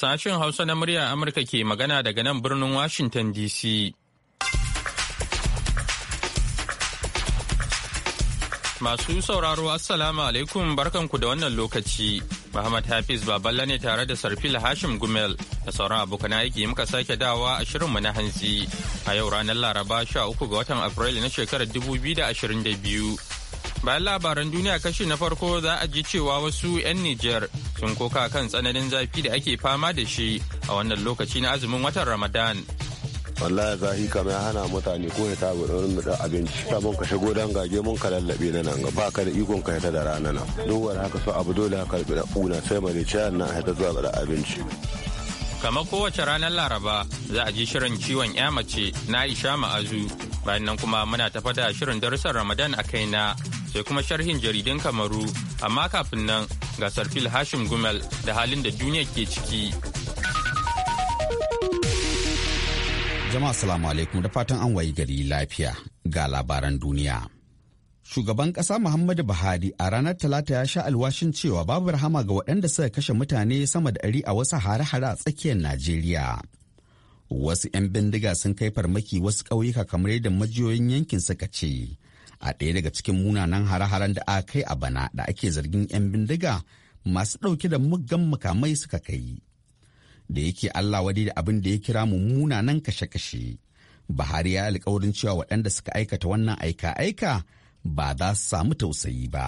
Sashen Hausa na murya Amurka ke magana daga nan birnin Washington DC. Masu sauraro Assalamu alaikum barkanku da wannan lokaci. Muhammad Hafiz Baballa ne tare da Sarfil Hashim Gumel da sauran abokan aiki muka sake dawa a shirinmu na hantsi a yau ranar Laraba 13 ga watan Afrilu na shekarar 2022. Bayan labaran duniya kashi na farko za a ji cewa wasu 'yan Nijar sun koka kan tsananin zafi da ake fama da shi a wannan lokaci na azumin watan Ramadan. wallahi zafi kamar hana mutane ko ya da wani da abinci ta mun kashe godan gage mun ka lallabe na nan ba ka da ikon ka ta da rana nan Dowar haka so abu dole haka da kuna sai ne ciyar na ta zuwa da abinci kamar kowace ranar laraba za a ji shirin ciwon ya mace na aisha ma'azu bayan nan kuma muna tafa da shirin darussan ramadan a kaina sai kuma sharhin jaridan Kamaru, amma kafin nan ga Sarfil Hashim Gumel da halin da duniya ke ciki. Jama'a salamu alaikum da fatan an wayi gari lafiya ga labaran duniya. Shugaban kasa Muhammadu Buhari a ranar Talata ya sha alwashin cewa babu rahama ga waɗanda suka kashe mutane sama da ɗari a wasu hare-hare a tsakiyar Najeriya. Wasu 'yan bindiga sun kai farmaki wasu ƙauyuka kamar yadda majiyoyin yankin suka ce. a ɗaya daga cikin munanan hare-haren da aka kai a bana da ake zargin 'yan bindiga masu ɗauke da muggan makamai suka kai da yake Allah wadi da abin da ya kira mu munanan kashe-kashe Buhari ya alkawarin cewa waɗanda suka aikata wannan aika-aika ba za su samu tausayi ba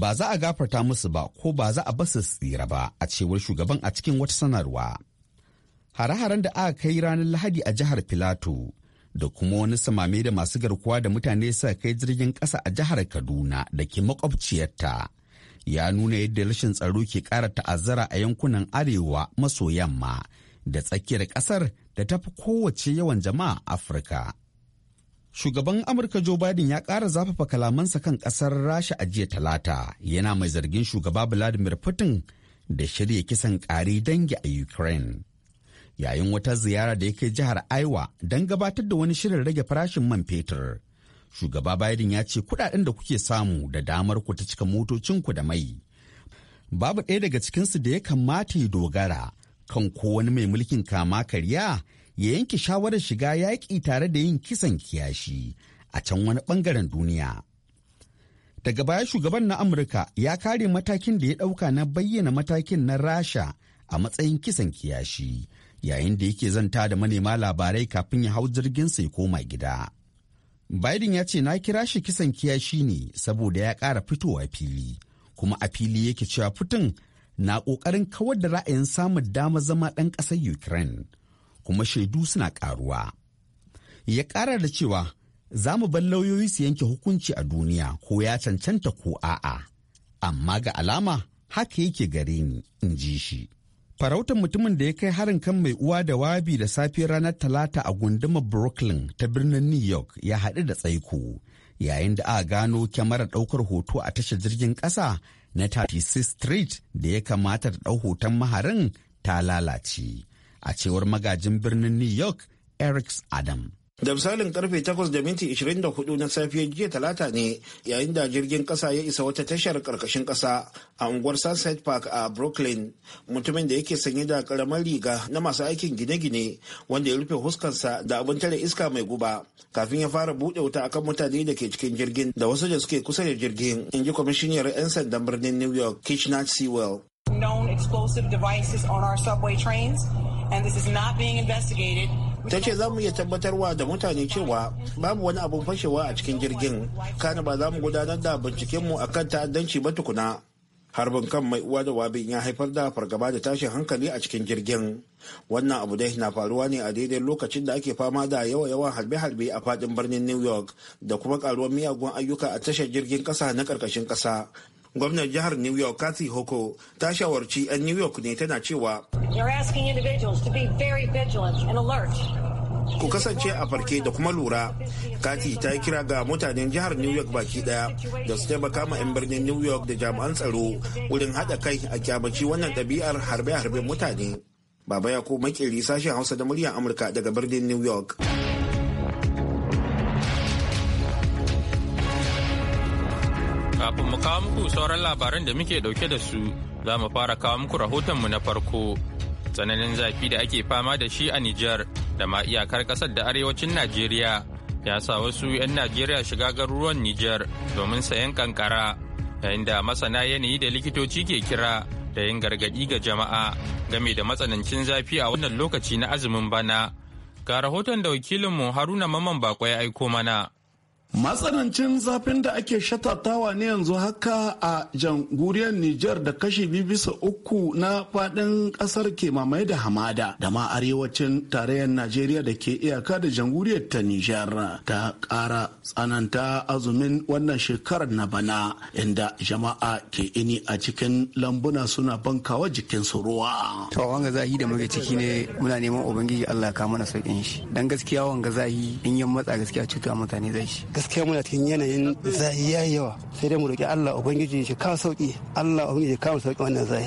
ba za a gafarta musu ba ko ba za a basu tsira ba a cewar shugaban a cikin wata sanarwa hare-haren da aka kai ranar lahadi a jihar filato da kuma wani samame da masu garkuwa da mutane sa kai jirgin ƙasa a jihar Kaduna da ke makwabciyarta. Ya nuna yadda rashin tsaro ke ƙara ta'azzara a yankunan arewa maso yamma da tsakiyar ƙasar da ta fi kowace yawan jama'a Afirka. Shugaban Amurka Joe Biden ya ƙara zafafa kalamansa kan ƙasar Rasha a jiya Talata, yana mai zargin shugaba Vladimir Putin da shirya kisan ƙari dangi a Ukraine. yayin wata ziyara da ya kai jihar Aiwa don gabatar da wani shirin rage farashin man fetur. Shugaba Biden ya ce kudaden da kuke samu da damar ku ta cika ku da mai. Babu ɗaya daga cikinsu da ya kamata ya dogara kan ko wani mai mulkin kama karya ya yanke shawarar shiga yaƙi tare da yin kisan kiyashi a can wani ɓangaren duniya. Daga baya shugaban na Amurka ya kare matakin da ya ɗauka na bayyana matakin na Rasha a matsayin kisan kiyashi. yayin da yake zanta da manema labarai kafin ya hau jirgin ya koma gida. Biden ya ce na kira shi kisan kiyashi ne saboda ya ƙara fitowa fili, kuma a fili yake cewa Putin na ƙoƙarin kawar da ra'ayin samun dama zama ɗan ƙasar Ukraine, kuma shaidu suna ƙaruwa. Ya ƙara da cewa za mu bar lauyoyi su yanke hukunci a duniya ko ya cancanta ko a'a, amma ga alama haka yake gare ni, in ji shi. farautar mutumin da ya kai harin kan mai uwa da wabi da safiyar ranar talata a gundumar brooklyn ta birnin new york ya haɗu da tsaiko yayin da aka gano kyamarar ɗaukar hoto a tashar jirgin ƙasa na 36 street da ya kamata da ɗau hoton maharin ta lalace a cewar magajin birnin new york eric adam da misalin karfe 8:24 na safiyar jiya talata ne yayin da jirgin kasa ya isa wata tashar karkashin kasa a unguwar sunset park a brooklyn mutumin da yake sanye da karamar riga na masu aikin gine-gine wanda ya rufe huskansa da abin tare iska mai guba kafin ya fara buɗe wuta akan mutane da ke cikin jirgin da wasu da suke kusa da jirgin in ji kwamishiniyar 'yan sandan birnin new york kitchener sewell known explosive devices on our subway trains and this is not being investigated ta ce za mu iya tabbatarwa da mutane cewa babu wani abun fashewa a cikin jirgin kana ba za mu gudanar da binciken bincikenmu akan ta'addanci ba tukuna harbin kan mai uwa da wabin ya haifar da fargaba da tashin hankali a cikin jirgin wannan abu dai na faruwa ne a daidai lokacin da ake fama da yawa-yawan harbe-harbe a fadin birnin new york da kuma karuwar miyagun ayyuka a tashar jirgin kasa na karkashin kasa gwamnan jihar new york kathy hoko ta shawarci 'yan new york ne tana cewa asking individuals be very vigilant ku kasance a farke da kuma lura kati ta yi kira ga mutanen jihar new york baki daya da su taimaka ma 'yan birnin new york da jami'an tsaro wurin haɗa kai a kyamaci wannan ɗabi'ar harbe-harben mutane baba ya ko makeri sashen hausa da muryar amurka daga birnin new york kafin mu kawo muku sauran labaran da muke dauke da su za mu fara kawo muku rahotonmu na farko tsananin zafi da ake fama da shi a Nijar da ma iyakar kasar da arewacin Najeriya ya sa wasu 'yan Najeriya shiga garuruwan Nijar domin sayan kankara yayin da masana yanayi da likitoci ke kira da yin gargaɗi ga jama'a game da matsanancin zafi a wannan lokaci na azumin bana. Ga rahoton da wakilinmu Haruna Maman Bako ya aiko mana. matsanancin zafin da ake shatatawa ne yanzu haka a janguriyar Nijar da kashi bisa uku na faɗin kasar ke mamaye da hamada da ma arewacin tarayyar Najeriya da ke iyaka da janguriyar ta Nijar ta ƙara tsananta azumin wannan shekarar na bana inda jama'a ke ini a cikin lambuna suna bankawa su ruwa. To wanga zahi da muke ciki ne muna neman Ubangiji Allah ka mana sauƙin shi. Dan gaskiya wanga zahi in yan matsa gaskiya cuta mutane zai shi. gaskiya muna cikin yanayin zai yayi yawa sai dai mu roki Allah ubangiji shi kawo sauki Allah ubangiji kawo sauki wannan zai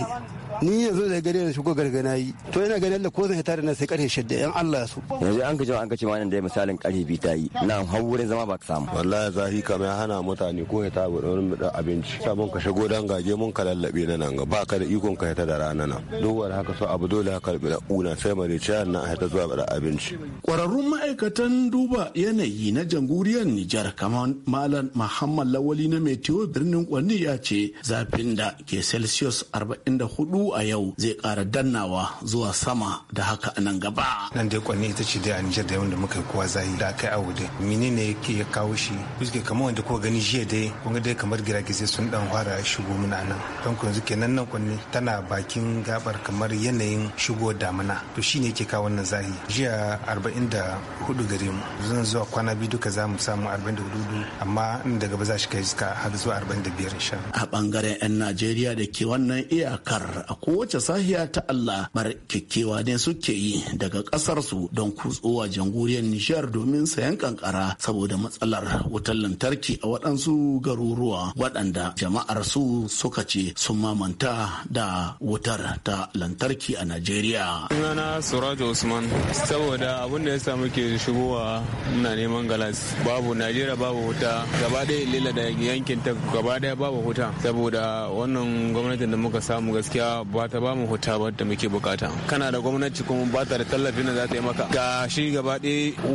ni yanzu da gare na shigo gargana yi to ina ganin Allah ko zan hita da na sai karfe shidda yan Allah su yanzu an gaji an gaci ma nan da misalin karfe bi ta yi na har wurin zama ba ka samu wallahi zahi kamar ya hana mutane ko hita wurin mu da abinci sabon ka shigo dan gaje mun ka lallabe na nan ga ba ka da ikon ka ta da rana na. duk wani haka so abu dole haka da una sai mare ciyar nan hita zuwa da abinci kwararrun ma'aikatan duba yanayi na jamhuriyar Nijar kamar Malam Muhammad Lawali na Meteo birnin Kwani ya ce zafin da ke Celsius 44 a yau zai kara dannawa zuwa sama da haka a nan gaba. Nan dai kwanne ita ce dai a Nijar da yawan da muka yi kowa zahi da kai a awo dai. Mene ne yake kawo shi? Kuske kamar wanda kuka gani jiya dai kun dai kamar giragizai sun dan fara shigo muna nan. Don ku yanzu kenan nan kwanne tana bakin gabar kamar yanayin shigo damina. To ne ke kawo wannan zahi. Jiya arba'in da hudu gare mu. Zan zuwa kwana biyu duka za mu samu arba'in da hudu amma in daga ba za shi kai har zuwa arba'in da biyar insha. A bangaren 'yan Najeriya da ke wannan iyakar kowace sahiya ta Allah mar kekewa ne suke yi daga kasar su don kutsowa jamhuriyar Nijar domin sayan kankara saboda matsalar wutar lantarki a waɗansu garuruwa waɗanda jama'ar su suka ce sun mamanta da wutar ta lantarki a Najeriya. Sunana Suratu Usman saboda abin da ya samu ke shigowa muna neman galas babu Najeriya babu wuta gaba ɗaya lila da yankin ta gaba ɗaya babu wuta saboda wannan gwamnatin da muka samu gaskiya ba ta bamu huta ba da muke bukata kana da gwamnati kuma ba ta da tallafin da za ta yi maka ga shi gaba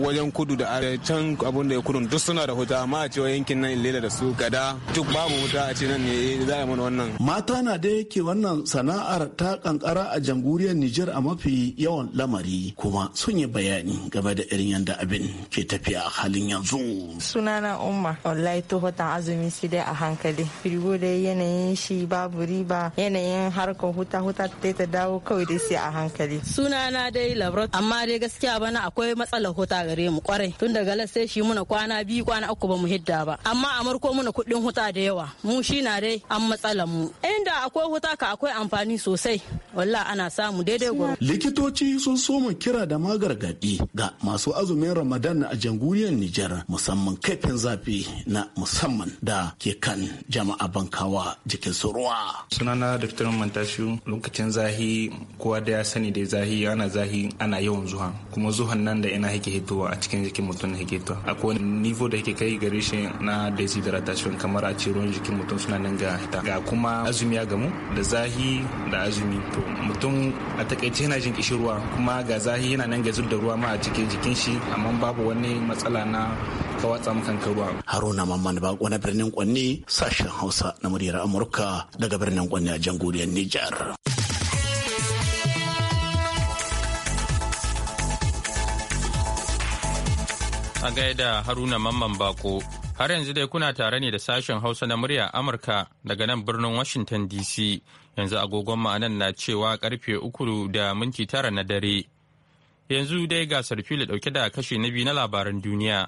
wajen kudu da are can abun da ya kudu duk suna da huta amma a cewa yankin nan lela da su gada duk babu huta a ce nan ne eh, za a yi mana wannan mata na da yake wannan sana'ar ta kankara a jamhuriyar Nijar a mafi yawan lamari kuma sun yi bayani game da irin yadda abin ke tafiya a halin yanzu sunana umma wallahi to azumi sai a hankali firigo da yanayin shi babu riba yanayin harkar huta huta ta ta dawo kawai dai sai a hankali suna na dai labrot amma dai gaskiya bana akwai matsalar huta gare mu kwarai tun daga las sai shi muna kwana biyu kwana uku ba mu hidda ba amma a marko muna kuɗin huta da yawa mu shi na dai an matsalar mu inda akwai huta ka akwai amfani sosai walla ana samu daidai gwamnati likitoci sun soma kira da magargadi ga masu azumin ramadan a jamhuriyar nijar musamman kafin zafi na musamman da ke kan jama'a bankawa jikin su ruwa sunana dr mantashu yanzu lokacin zahi kowa da ya sani da zahi ana zahi ana yawan zuwa kuma zuhan nan da ina yake hitowa a cikin jikin mutum na hake hitowa akwai nivo da yake kai gare shi na desideration kamar a ce ruwan jikin mutum suna nan ga hita ga kuma azumi ya gamu da zahi da azumi to mutum a takaice yana jin kishirwa kuma ga zahi yana nan ga da ruwa ma a cikin jikin shi amma babu wani matsala na kawatsa makanka ruwa haruna mamman bako na birnin kwanni sashen hausa na muryar amurka daga birnin kwanni a jamhuriyar nijar a A gaida Haruna Mamman Bako, har yanzu dai kuna tare ne da sashen Hausa na murya Amurka daga nan birnin Washington DC. Yanzu agogon ma'anan na cewa karfe uku da minti tara na dare. Yanzu dai gasar fili dauke da kashe na biyu na labaran duniya.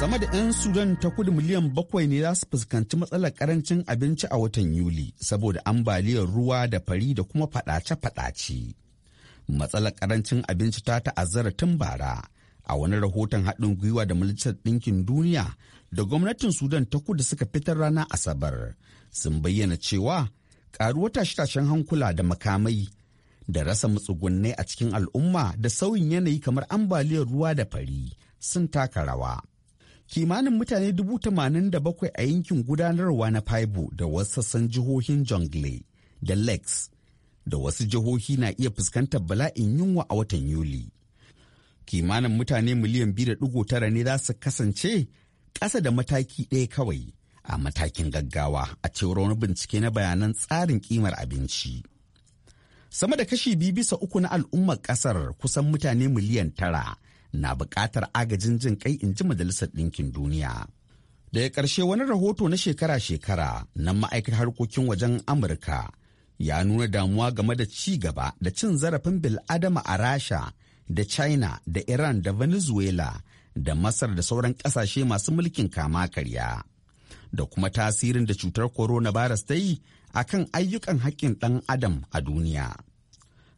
sama da 'yan sudan ta kudu miliyan bakwai ne za su fuskanci matsalar karancin abinci a watan yuli saboda ambaliyar ruwa da fari da kuma fadace-fadace matsalar karancin abinci ta ta'azzara tun bara a wani rahoton haɗin gwiwa da majalisar ɗinkin duniya da gwamnatin sudan ta kudu suka fitar rana asabar sun bayyana cewa ƙaruwar tashe-tashen hankula da makamai da rasa matsugunnai a cikin al'umma da sauyin yanayi kamar ambaliyar ruwa da fari sun taka rawa kimanin mutane dubu tamanin da bakwai a yankin gudanarwa na Faibo da wasu sassan jihohin Jongle da Lakes da wasu jihohi na iya fuskantar bala'in yunwa a watan Yuli. Kimanin mutane miliyan tara ne za su kasance ƙasa da mataki ɗaya kawai a matakin gaggawa a cewar wani bincike na bayanan tsarin kimar abinci. Sama da kashi biyu bisa uku na al'ummar ƙasar kusan mutane miliyan tara na buƙatar agajin jin kai in ji majalisar ɗinkin duniya daga ƙarshe wani rahoto na shekara-shekara na ma'aikatar harkokin wajen amurka ya nuna damuwa game da ci gaba da cin zarafin bil'adama a rasha da china da iran da venezuela da masar da sauran ƙasashe masu mulkin kama karya da kuma tasirin da cutar coronavirus ta yi a kan ayyukan haƙƙin ɗan adam a duniya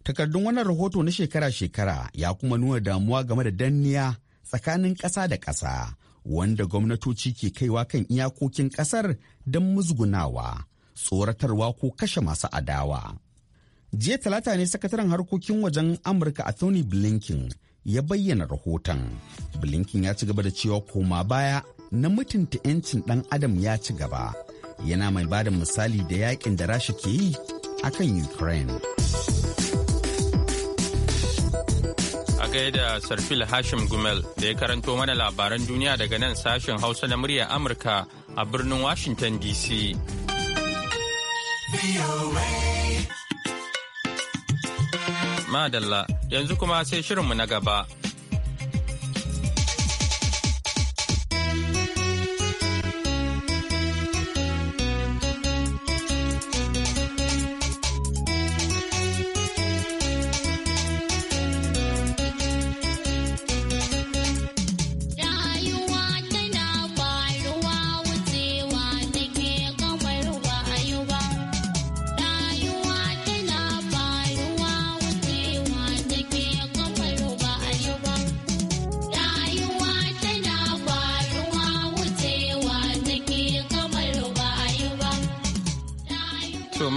Takardun wannan rahoto na shekara-shekara ya kuma nuna damuwa game da danniya tsakanin ƙasa da ƙasa wanda gwamnatoci ke kaiwa kan iyakokin ƙasar don muzgunawa tsoratarwa ko kashe masu adawa. Jiya talata ne sakataren harkokin wajen Amurka a Tony Blinken ya bayyana rahoton. Blinken ya ci gaba da cewa koma baya na mutunta 'yancin ɗan adam ya ci gaba. Yana mai ba da misali da yakin da Rasha ke yi a kan Ukraine. da Sarfil Hashim Gumel da ya karanto mana labaran duniya daga nan sashen Hausa na murya Amurka a birnin Washington DC. Madalla, yanzu kuma sai shirinmu na gaba.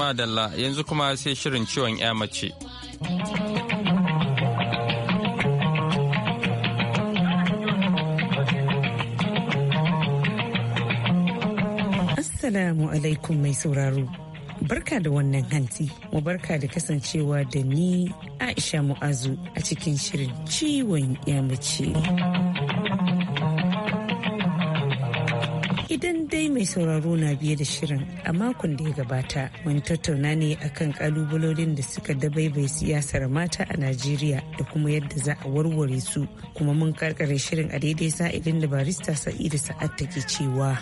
madalla yanzu kuma sai shirin ciwon ya mace. Assalamu alaikum mai sauraro. Barka da wannan hanti, mu barka da kasancewa da ni Aisha Mu'azu a cikin shirin ciwon ya mace. Idan dai mai sauraro na biye da shirin a makon da ya gabata wani tattauna ne akan kalubalolin da suka dabaibai siyasar mata a Najeriya da kuma yadda za a warware su kuma mun karkare shirin a daidai sa'ilin da barista Sa'idu Sa'ad take cewa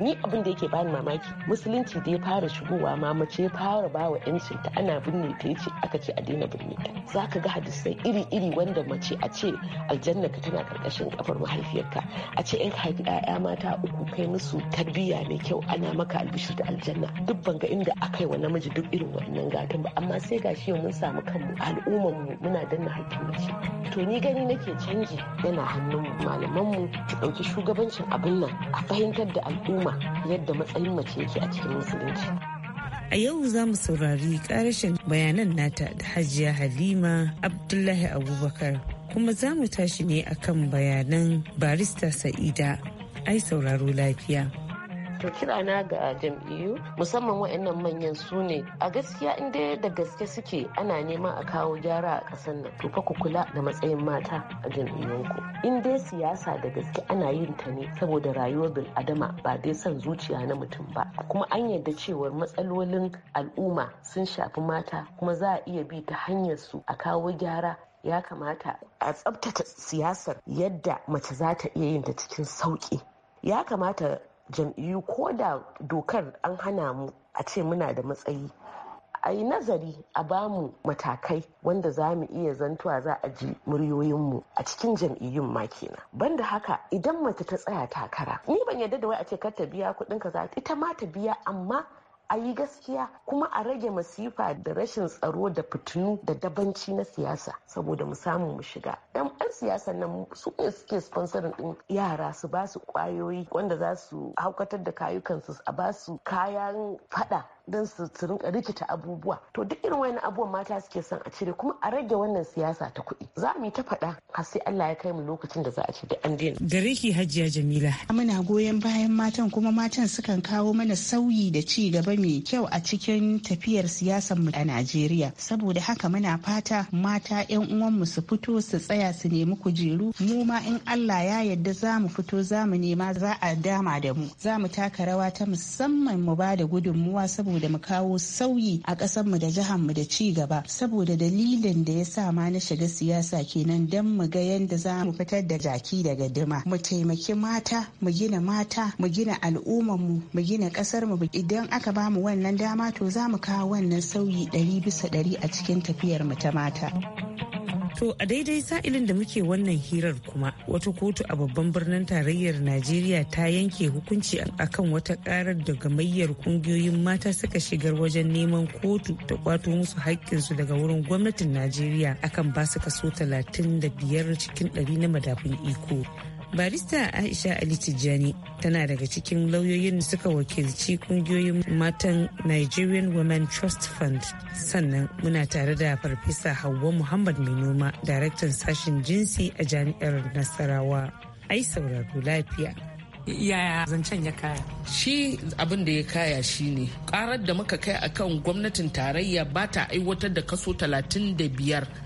ni abin da yake bani mamaki musulunci da ya fara shigowa ma mace ya fara bawa yancin ta ana binne ta yace aka ce a daina binne ta zaka ga hadisai iri-iri wanda mace a ce aljanna ka tana karkashin kafar mahaifiyarka a ce in haifi 'ya'ya mata uku kai musu tarbiyya mai kyau ana maka albishir da aljanna duk banga inda aka yi wa namiji duk irin wannan gatan ba amma sai gashi mun samu kanmu al'ummar mu muna danna hakkin mace to ni gani nake canji yana hannun malaman mu su ɗauki shugabancin abin nan a fahimtar da al'umma al'umma yadda matsayin mace yake a cikin musulunci a yau za mu saurari karashin bayanan nata da hajiya halima abdullahi abubakar kuma za mu tashi ne akan bayanan barista sa'ida ai sauraro lafiya To kirana ga jam'iyyu musamman waɗannan manyan su ne a gaskiya inda dai da gaske suke ana neman a kawo gyara a ƙasar nan to fa ku kula da matsayin mata a jam'iyyunku. In dai siyasa da gaske ana yin ta ne saboda rayuwar bil'adama ba dai son zuciya na mutum ba kuma an yarda cewar matsalolin al'umma sun shafi mata kuma za a iya bi ta hanyar su a kawo gyara ya kamata a tsabtace siyasar yadda mace za ta iya yin ta cikin sauƙi ya kamata jam'iyyu ko da dokar an hana mu a ce muna da matsayi a yi nazari a ba mu matakai wanda za mu iya zantuwa za a ji muryoyinmu a cikin jam'iyyun ma kenan banda haka idan mace ta tsaya takara ni ban yarda da wai a ce kar ta biya kuɗin kaza ita ma ta biya amma a yi gaskiya kuma a rage masifa da rashin tsaro da fitinu da dabanci na siyasa saboda mu samu mu shiga dan yan siyasa nan su ne suke sponsorin din yara su ba su kwayoyi wanda za su haukatar da kayukansu a ba su kayan fada don su rinka rikita abubuwa to duk irin wani abubuwan mata suke son a cire kuma a rage wannan siyasa ta kuɗi za mu yi ta faɗa har sai Allah ya kai mu lokacin da za a ce da an daina gare ki hajiya jamila muna goyon bayan matan kuma matan sukan kawo mana sauyi da ci gaba mai kyau a cikin tafiyar siyasar mu a Najeriya saboda haka muna fata mata yan uwan mu su fito su tsaya su nemi kujeru mu ma in Allah ya yarda za mu fito za mu nema za a dama da mu za mu taka rawa ta musamman mu ba da gudunmuwa saboda saboda mu kawo sauyi a ƙasar mu da jihar mu da ci gaba saboda dalilin da ya sa ma na shiga siyasa kenan don mu ga yadda za mu fitar da jaki daga dima mu taimaki mata mu gina mata mu gina al'ummar mu mu gina ƙasar mu idan aka ba mu wannan dama to za mu kawo wannan sauyi ɗari bisa ɗari a cikin tafiyar mu ta mata. To a daidai sa'ilin da muke wannan hirar kuma wata kotu a babban birnin tarayyar Najeriya ta yanke hukunci akan wata karar da gamayyar kungiyoyin mata suka shigar wajen neman kotu ta kwato musu haƙƙinsu daga wurin gwamnatin najeriya akan ba su kaso 35 cikin 100 na madafun iko barista aisha ali tijjani tana daga cikin lauyoyin da suka wakilci kungiyoyin matan nigerian women trust fund sannan muna tare da farfesa hauwa muhammad mai noma daraktan sashen jinsi a jami'ar nasarawa ai sauraro lafiya yaya zancen ya kaya shi abin da ya kaya shi ne. karar da muka kai akan gwamnatin tarayya ba ta aiwatar da kaso 35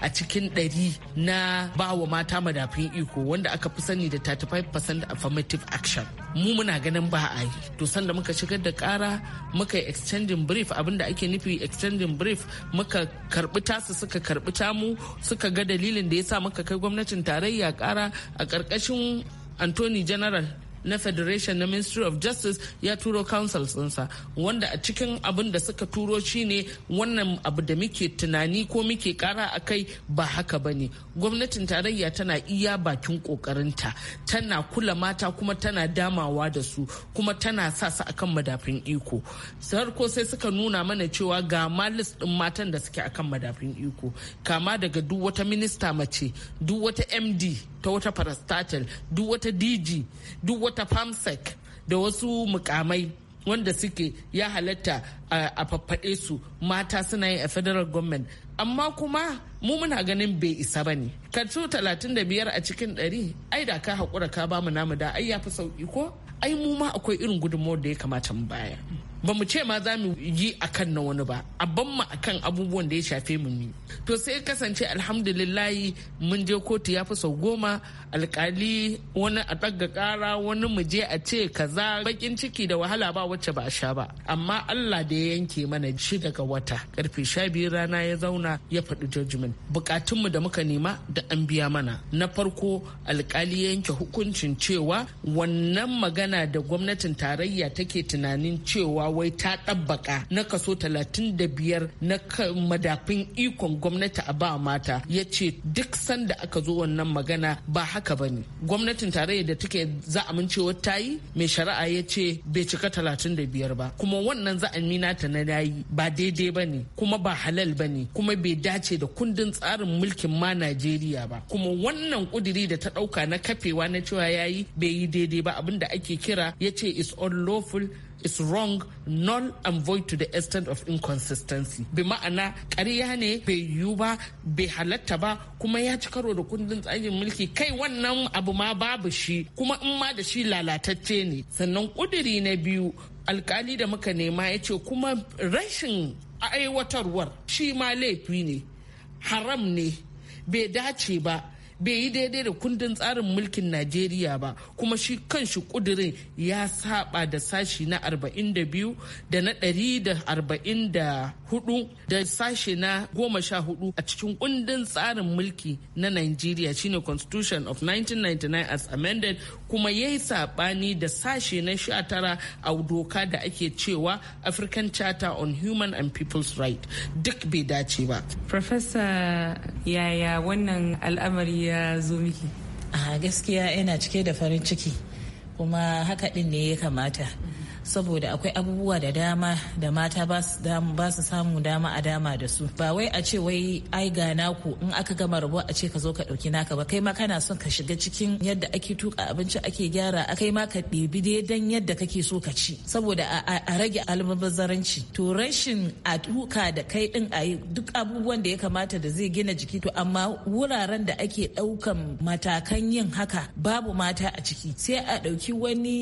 a cikin 100 na bawa mata madafin iko wanda aka fi sani da 35% affirmative action mu muna ganin ba a yi to sanda muka shigar da kara muka yi exchanging brief abin da ake nufi exchanging brief muka karbi tasu suka karbi tamu suka ga dalilin da ya sa muka kai gwamnatin tarayya kara a karkashin Anthony General na federation na ministry of justice ya turo council ɗinsa wanda a cikin abin da suka turo shine wannan abu da muke tunani ko muke kara a kai ba haka ba ne gwamnatin tarayya tana iya bakin kokarinta tana kula mata kuma tana damawa da su kuma tana sa su akan madafin iko sarko sai suka nuna mana cewa ga malis din matan da suke akan madafin iko kama daga duk wata minista mace duk wata md ta wata parastatal duk wata dg duk wata famsec da wasu mukamai wanda suke ya halatta a faffaɗe su mata suna yin a federal government amma kuma mu muna ganin bai isa ba ne da 35 a cikin 100 ai da ka haƙura ka bamu namu da ai ya fi sauƙi ko ai mu ma akwai irin gudunmawar da ya kamata mu baya ba mu ce ma za mu yi akan na wani ba a ban mu akan abubuwan da ya shafe mu yi to sai kasance alhamdulillahi mun je kotu ya fi sau goma alkali wani a ɗaga ƙara wani mu je a ce kaza bakin ciki da wahala ba wacce ba a sha ba amma Allah da ya yanke mana shi daga wata karfe sha biyu rana ya zauna ya faɗi judgment bukatunmu da muka nema da an biya mana na farko alkali ya yanke hukuncin cewa wannan magana da gwamnatin tarayya take tunanin cewa wai ta ɗabbaka na kaso 35 na madafin ikon gwamnati a ba mata ya ce duk sanda aka zo wannan magana ba haka ba ne gwamnatin tarayya da take za a cewa ta yi mai shari'a ya ce bai cika 35 ba kuma wannan za a nina ta na yayi ba daidai ba ne kuma ba halal ba ne kuma bai dace da kundin tsarin mulkin ma najeriya ba kuma wannan kuduri da ta ɗauka na kafewa na cewa yayi bai yi daidai ba abin da ake kira ya ce is unlawful is wrong non and void to the extent of inconsistency bi ma'ana ƙarya ne bai yiwu ba bai halatta ba kuma ya ci karo da kundin tsarin mulki kai wannan abu ma babu shi kuma in ma da shi lalatacce ne sannan ƙuduri na biyu alkali da muka nema ya ce kuma rashin aiwatarwar shi ma laifi ne haram ne bai dace ba bai yi daidai da kundin tsarin mulkin najeriya ba kuma shi kan shi kudirin ya saba da sashi na 42 da na 140 hudu da sashe na goma sha hudu a cikin kundin tsarin mulki na Najeriya shine Constitution of 1999 as amended kuma ya yi sabani da sashe na sha tara a doka da ake cewa African Charter on Human and People's Right duk bai dace ba. Professor yaya wannan al'amari ya zo miki? A gaskiya yana cike da farin ciki kuma haka din ne ya kamata. saboda akwai abubuwa da dama da mata ba su samu dama a dama da su ba wai a ce wai ai ga naku in aka gama rabo a ce ka zo ka ɗauki naka ba kai ma kana son ka shiga cikin yadda ake tuka abinci ake gyara A kai ma ka ɗebi dai dan yadda kake so ka ci saboda a rage almubazzaranci to rashin a tuka da kai ɗin a yi duk abubuwan da ya kamata da zai gina jiki to amma wuraren da ake ɗaukan matakan yin haka babu mata a ciki sai a ɗauki wani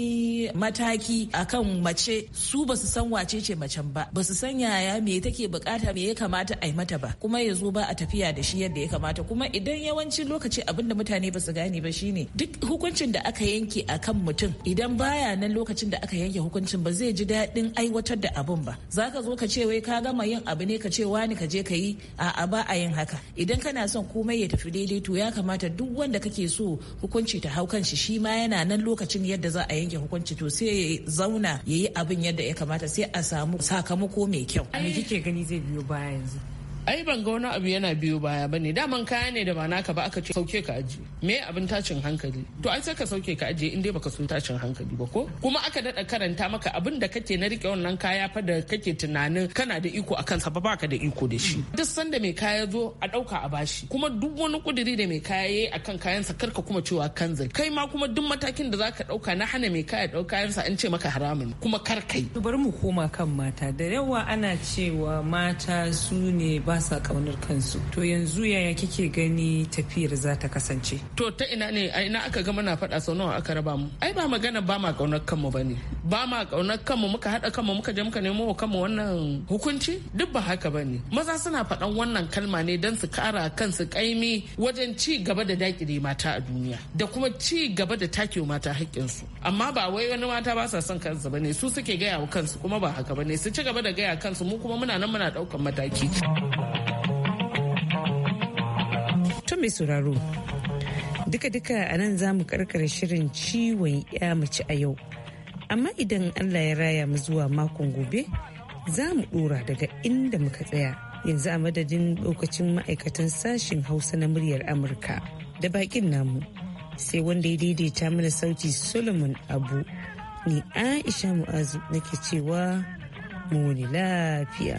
mataki akan mace su ba san wace ce macen ba ba san yaya me take bukata me ya kamata a yi mata ba kuma ya zo ba a tafiya da shi yadda ya kamata kuma idan yawancin lokaci abin da mutane ba su gane ba shine duk hukuncin da aka yanke a kan mutum idan baya nan lokacin da aka yanke hukuncin ba zai ji daɗin aiwatar da abin ba zaka zo ka ce wai ka gama yin abu ne ka ce wani ka je ka yi a'a ba a yin haka idan kana son komai ya tafi daidai to ya kamata duk wanda kake so hukunci ta hau shi shi ma yana nan lokacin yadda za a yanke hukunci to sai ya zauna ya yi abin yadda ya kamata sai a samu sakamako mai kyau me kike gani zai biyo baya yanzu ai ban ga wani abu yana biyo baya bane daman kaya ne da ba naka ba aka ce sauke ka aji me abin tashin hankali to ai sai ka sauke ka aji in dai baka so tashin hankali ba ko kuma aka dada karanta maka abin da kake na rike wannan kaya fa da kake tunanin kana da iko akan sa ba baka da iko da shi duk sanda mai kaya zo a dauka a bashi kuma duk wani kuduri da mai kaya yayi akan kayansa karka kuma cewa kanzil kai ma kuma duk matakin da zaka dauka na hana mai kaya dauka kayansa an ce maka haramun kuma kar kai bari mu koma kan mata da yawa ana cewa mata su ne ba sa kaunar kansu to yanzu yaya kike gani tafiyar za ta kasance to ta ina ne a ina aka ga na faɗa sau nawa aka raba mu ai ba magana ba ma kaunar kanmu ba ne. ba ma kaunar kanmu muka haɗa kanmu muka je muka nemo wa kanmu wannan hukunci duk ba haka ba ne. maza suna faɗan wannan kalma ne don su kara kansu kaimi wajen ci gaba da dakile mata a duniya da kuma ci gaba da take mata haƙƙinsu amma ba wai wani mata ba sa son kansu ne su suke gaya wa kansu kuma ba haka ba ne su ci gaba da gaya kansu mu kuma muna nan muna ɗaukan mataki. mai sauraro duka-duka a nan za mu karkar shirin ciwon ya mace a yau amma idan allah ya raya mu zuwa makon gobe za mu dora daga inda muka tsaya yanzu a madadin lokacin ma'aikatan sashen hausa na muryar amurka da bakin namu sai wanda ya daidaita mana sauti solomon abu ni aisha mu'azu nake cewa mu wani lafiya.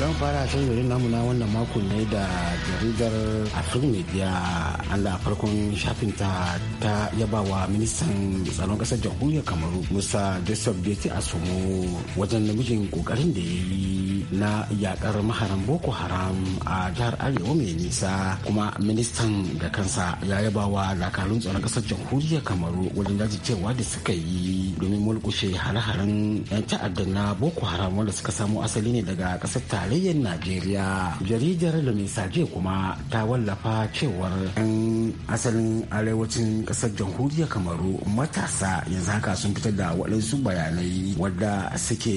zan fara shan yorin namu na wannan makon ne da jaridar afrik media allah farkon shafin ta ta yabawa ministan tsaron kasar jamhuriyar kamaru musa joseph beti asomo wajen namijin kokarin da ya yi na yakar maharan boko haram a jihar arewa mai nisa kuma ministan da kansa ya yabawa dakarun tsaron kasar jamhuriyar kamaru wajen cewa da suka yi domin mulkushe hare-haren 'yan ta'addan na boko haram wanda suka samo asali ne daga kasar tarayyar najeriya jaridar lumisaje kuma ta wallafa cewar 'yan asalin arewacin kasar jamhuriyar kamaru matasa yanzu haka sun fitar da waɗansu bayanai wadda suke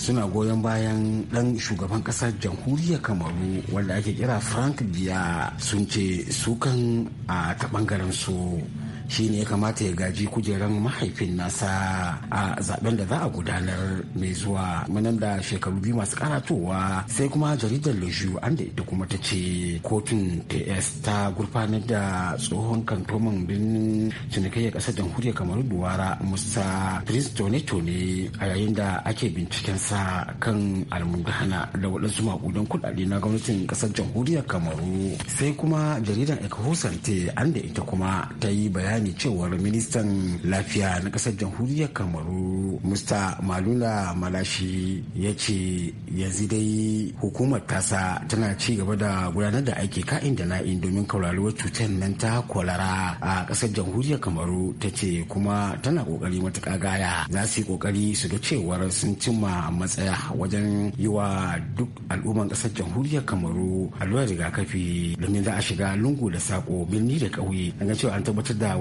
suna goyon bayan ɗan shugaban kasar jamhuriyar kamaru wanda ake kira frank biya sun ce sukan a ta ɓangaren su shi ne ya kamata ya gaji kujeran mahaifin nasa a zaben da za a gudanar mai zuwa manan da shekaru biyu masu karatowa sai kuma jaridar leju an da ita kuma ta ce kotun ts ta gurfanar da tsohon kantoman birnin cinikayya kasar jamhuriyar kamaru duwara musa prince tone tone a yayin da ake bincikensa kan almundana da waɗansu maƙudan kuɗaɗe na gwamnatin kasar jamhuriyar kamaru sai kuma jaridar ekahusante an da ita kuma ta yi bayani bayani cewar ministan lafiya na kasar jamhuriyar kamaru musta maluna malashi ya ce yanzu dai hukumar tasa tana ci gaba da gudanar da aiki ka'in da na'in domin kauraruwar cutar nan ta kwalara a kasar jamhuriyar kamaru ta ce kuma tana kokari matuka gaya za su yi kokari su ga cewar sun cimma matsaya wajen yi wa duk al'umman kasar jamhuriyar kamaru allurar rigakafi domin za a shiga lungu da sako birni da ƙauye an ga cewa an tabbatar da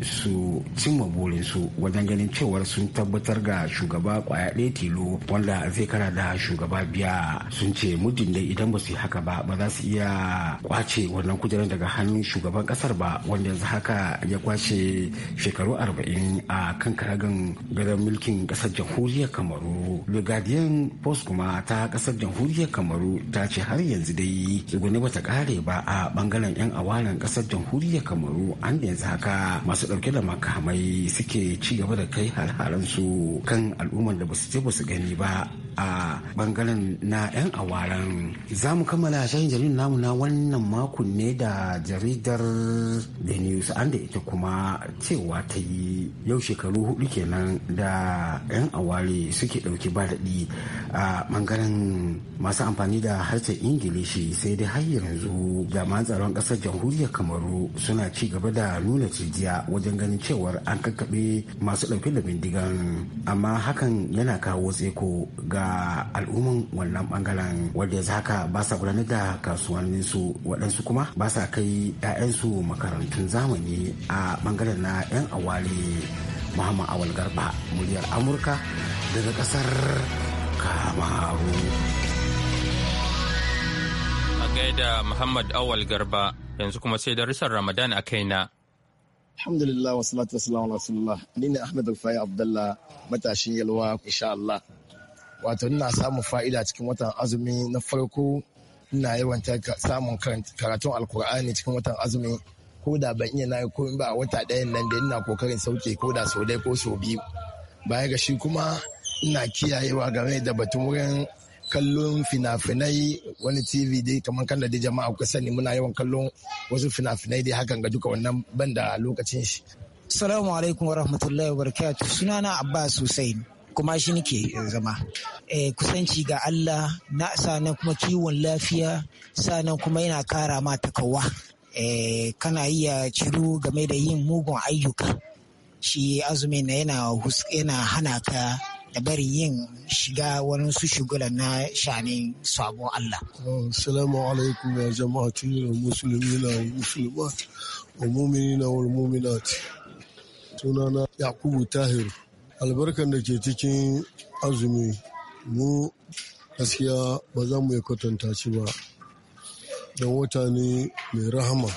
su cimma burinsu wajen ganin cewar sun tabbatar ga shugaba kwaya ɗaya tilo wanda zai kara da shugaba biya sun ce muddin dai idan ba su yi haka ba ba za su iya kwace wannan kujerar daga hannun shugaban kasar ba wanda yanzu haka ya kwace shekaru arba'in a kan karagan gadon mulkin kasar jamhuriyar kamaru the guardian post kuma ta kasar jamhuriyar kamaru ta ce har yanzu dai tsuguni ta kare ba a bangaren yan awalan kasar jamhuriyar kamaru an yanzu haka masu su ɗauke da makamai suke ci gaba da kai har su kan al'ummar da basu je basu gani ba a bangaren na 'yan awaran za mu kammala shayin jaridar namu na wannan makon ne da jaridar the news an da ita kuma cewa ta yi yau shekaru hudu kenan da 'yan aware suke ɗauki ba daɗi a bangaren masu amfani da harshen ingilishi sai dai har yanzu jami'an tsaron ƙasar jamhuriyar kamaru suna ci gaba da nuna cijiya wajen ganin cewar an kakkaɓe masu ɗauke da bindigan amma hakan yana kawo tseko ga al'umman wannan bangaren wanda yanzu haka ba sa gudanar da kasuwannin su waɗansu kuma ba sa kai 'ya'yansu makarantun zamani a bangaren na 'yan awali muhammad awal garba muryar amurka daga ƙasar kamaru a gaida muhammad awal garba yanzu kuma sai darussan ramadan a kaina Alhamdulillah wa salatu ala rasulullah. Ni ne Ahmed Alfayi Abdullah matashin yalwa insha Allah. Wato ina samun fa'ida cikin watan azumi na farko ina yawan samun karatun alkur'ani cikin watan azumi ko da ban iya na ko ba a wata ɗayan nan da ina kokarin sauke ko da sau ɗaya ko sau biyu. Baya ga shi kuma ina kiyayewa game da batun wurin kallon fina-finai wani tv dai kamar kan da dai jama'a kuka sani muna yawan kallon wasu fina-finai dai hakan ga duka wannan banda lokacin shi Salamu alaikum wa rahmatullahi wa suna sunana Abbas Hussein kuma shi nike zama eh, kusanci ga Allah na sanan kuma kiwon lafiya sanan kuma yana kara ma takawa eh, kana iya ciro game da yin mugun ayyuka shi azumi na yana hana ka da bari yin shiga wani su shigula na shani sabon Allah. Ah, assalamu alaikum ya jama'atu musulmi na musulma wa mumini na wal muminat. Sunana Yakubu Tahir. albarkar da ke cikin azumi mu gaskiya ba za mu yi kwatanta shi ba. Don wata ne mai rahama,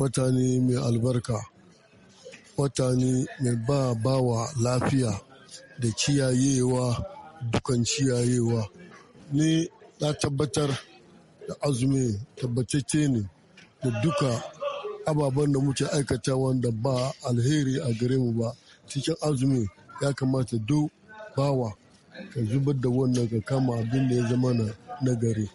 wata ne mai albarka, wata ne mai ba bawa lafiya. da ciyayewa dukan ciyayewa ni na tabbatar da azumi tabbatacce ne da duka ababen da muke aikata wanda ba alheri a gare mu ba cikin azumi ya kamata do bawa ka zubar da wannan ka kama abin da ya zama na nagari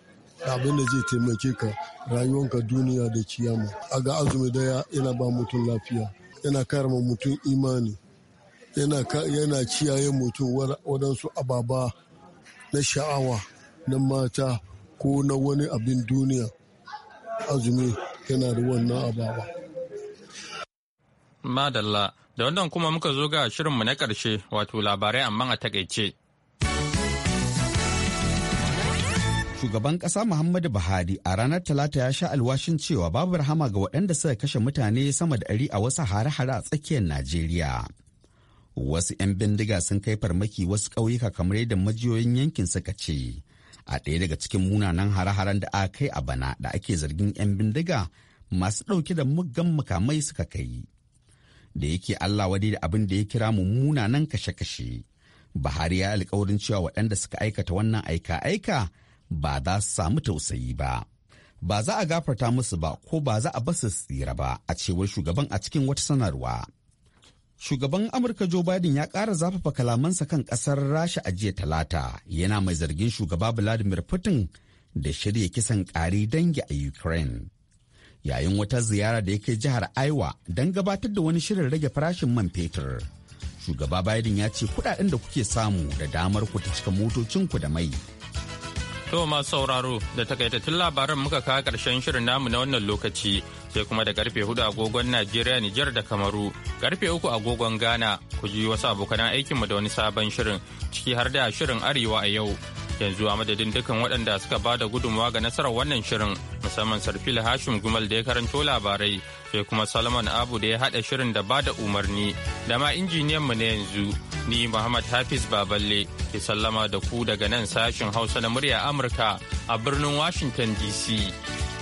abin da zai taimake ka rayuwanka duniya da ciyama a ga azumi daya yana ba mutum lafiya yana karama mutum imani yana, yana ciyayen mutum waɗansu ababa na sha'awa na mata ko na wani abin duniya azumi yana da wannan ababa. Madalla, da wannan kuma muka zo ga shirinmu na ƙarshe wato labarai amma a takaice. Shugaban ƙasa Muhammadu Buhari a ranar Talata ya sha alwashin cewa babu rahama ga waɗanda suka kashe mutane sama da ɗari a wasu hare-hare a tsakiyar Najeriya. wasu 'yan bindiga sun kai farmaki wasu ƙauyuka kamar yadda majiyoyin yankin suka ce a ɗaya daga cikin munanan hare-haren da aka kai a bana da ake zargin 'yan bindiga masu ɗauke da muggan makamai suka kai da yake allah wadi da abin da ya kira mu munanan kashe-kashe buhari ya alkawarin cewa waɗanda suka aikata wannan aika-aika ba za su samu tausayi ba ba za a gafarta musu ba ko ba za a basu tsira ba a cewar shugaban a cikin wata sanarwa shugaban amurka joe biden ya ƙara zafafa kalamansa kan ƙasar rasha a jiya talata yana mai zargin shugaba vladimir putin da shirya kisan ƙari dangi a ukraine yayin wata ziyara da yake jihar iowa don gabatar da wani shirin rage farashin man fetur shugaba biden ya ce kuɗaɗen da kuke samu da damar ku ta cika motocinku da mai To masu sauraro da takaitattun labaran muka kawo karshen shirin namu na wannan lokaci sai kuma da karfe hudu agogon Najeriya Nijar da Kamaru karfe uku agogon Ghana ku ji wasu abokan aikinmu da wani sabon shirin ciki har da shirin Arewa a yau yanzu a madadin dukkan waɗanda suka ba da gudunmawa ga nasarar wannan shirin musamman sarfil hashim gumal da ya karanto labarai sai kuma salman abu da ya haɗa shirin da ba da umarni da ma injiniyan mu na yanzu ni muhammad hafiz baballe ke sallama da ku daga nan sashin hausa na murya amurka a birnin washington dc